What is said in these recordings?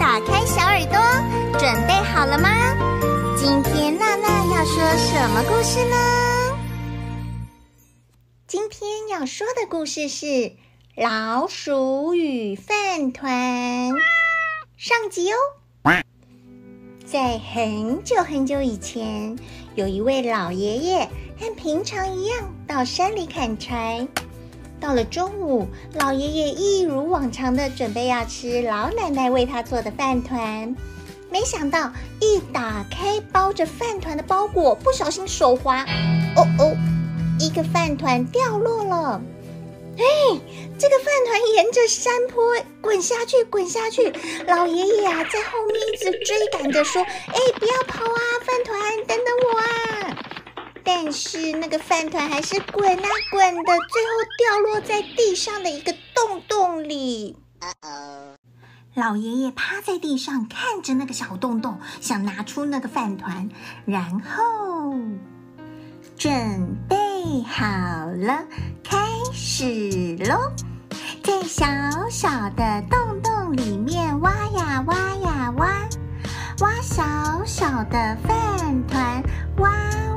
打開小耳朵，準備好了嗎？今天娜娜要說什麼故事呢？今天要說的故事是《老鼠與飯糰》上集哦。在很久很久以前，有一位老爺爺，和平常一樣到山裡砍柴。到了中午，老爺爺一如往常的準備要吃老奶奶為他做的飯糰，沒想到一打開包着飯糰的包裹，不小心手滑，哦哦，一個飯糰掉落了。哎，這個飯糰沿着山坡滾下去，滾下去，老爺爺啊在後面一直追趕着說：“哎，不要跑啊，飯糰，等等我啊！”但是那個飯糰還是滾啊滾的，最後掉落在地上的一個洞洞裡。老爺爺趴在地上看着那個小洞洞，想拿出那個飯糰，然後準備好了，開始嘍！在小小的洞洞裡面挖呀挖呀挖，挖小小的飯糰，挖。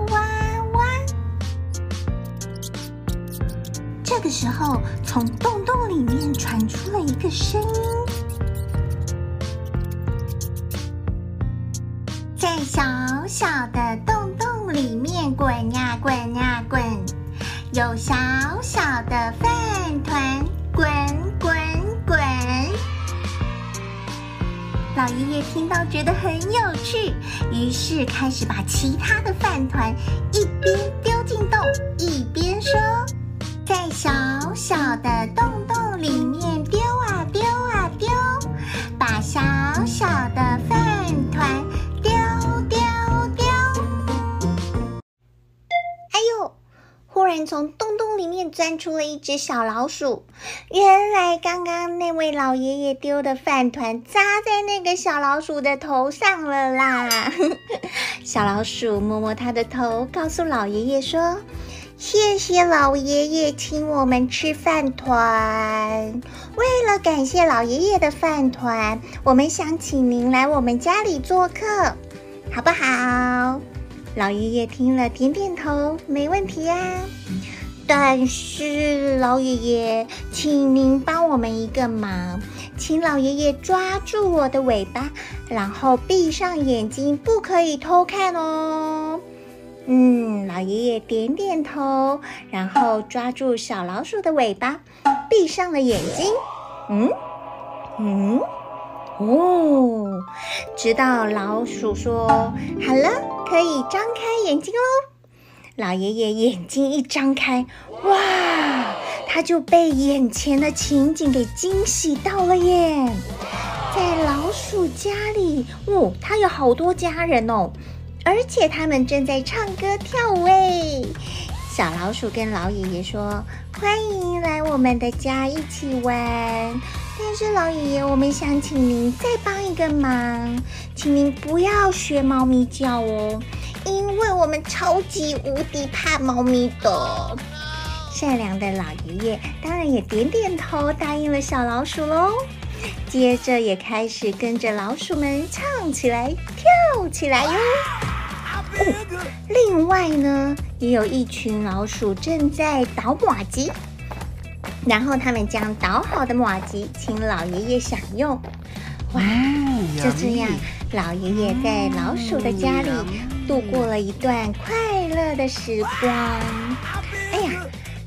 這個時候，從洞洞裡面傳出了一個聲音，在小小的洞洞裡面滾呀滾呀滾，有小小的飯糰滾滾滾。老爺爺聽到覺得很有趣，於是開始把其他的飯糰一邊丟進洞，一邊說。在小小的洞洞裡面丟啊丟啊丟，把小小的飯糰丟丟丟！哎呦，忽然從洞洞裡面鑽出了一隻小老鼠，原來剛剛那位老爺爺丟的飯糰砸在那個小老鼠的頭上了啦！小老鼠摸摸它的頭，告訴老爺爺說。謝謝老爺爺請我們吃飯糰，為了感謝老爺爺的飯糰，我們想請您來我們家裡做客，好不好？老爺爺聽了點點頭，沒問題啊。但是老爺爺，請您幫我們一個忙，請老爺爺抓住我的尾巴，然後閉上眼睛，不可以偷看哦。老爺爺點點頭，然後抓住小老鼠的尾巴，閉上了眼睛。嗯嗯哦，直到老鼠說：“好了，可以張開眼睛嘍。”老爺爺眼睛一張開，哇，他就被眼前的情景給驚喜到了耶！在老鼠家裡，哦，他有好多家人哦。而且他們正在唱歌跳舞哎！小老鼠跟老爺爺說：“歡迎來我們的家一起玩。”但是老爺爺，我們想請您再幫一個忙，請您不要學貓咪叫哦，因為我們超級無敵怕貓咪的。善良的老爺爺當然也點點頭，答應了小老鼠嘍。接着也開始跟着老鼠們唱起來、跳起來喲。哦，另外呢，也有一群老鼠正在搗麻糬，然後他們將搗好的麻糬請老爺爺享用。哇！嗯，就這樣，嗯，老爺爺在老鼠的家裡度過了一段快樂的時光。哎呀，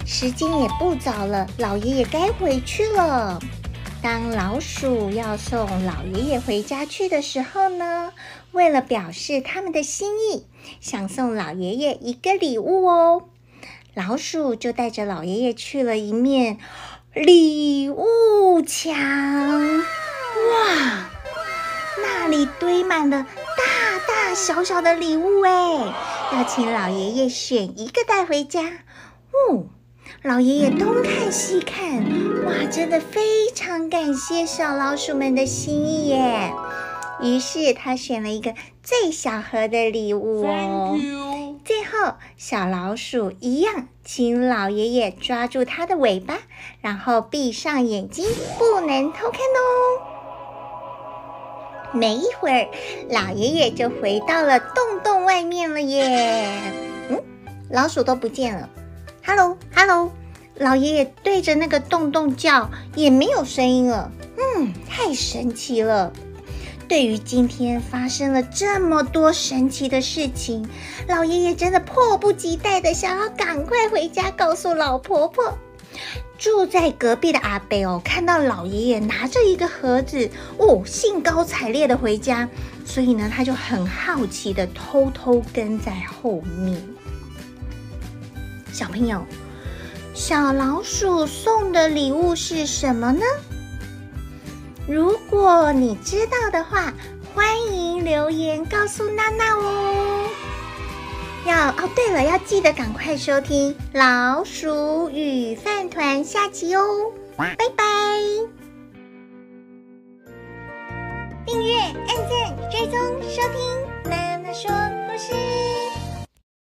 時間也不早了，老爺爺該回去了。當老鼠要送老爺爺回家去的時候呢，為了表示他們的心意，想送老爺爺一個禮物哦。老鼠就帶着老爺爺去了一面禮物牆，哇，那裡堆滿了大大小小的禮物哎，要請老爺爺選一個帶回家，嗯。老爺爺東看西看，哇，真的非常感謝小老鼠們的心意耶。於是他選了一個最小盒的禮物哦。Thank you. 最後，小老鼠一樣，請老爺爺抓住它的尾巴，然後閉上眼睛，不能偷看哦。沒一會兒，老爺爺就回到了洞洞外面了耶。嗯，老鼠都不見了。哈嘍哈嘍老爺爺對着那個洞洞叫，也沒有聲音了。嗯，太神奇了。對於今天發生了這麼多神奇的事情，老爺爺真的迫不及待的想要趕快回家告訴老婆婆。住在隔壁的阿伯哦，看到老爺爺拿着一個盒子哦，興高采烈的回家，所以呢，他就很好奇的偷偷跟在後面。小朋友，小老鼠送的禮物是什麼呢？如果你知道的話，歡迎留言告訴娜娜哦。要哦，對了，要記得趕快收聽《老鼠與飯團》下集哦。拜拜！訂閱、按讚、追蹤、收聽，娜娜說故事。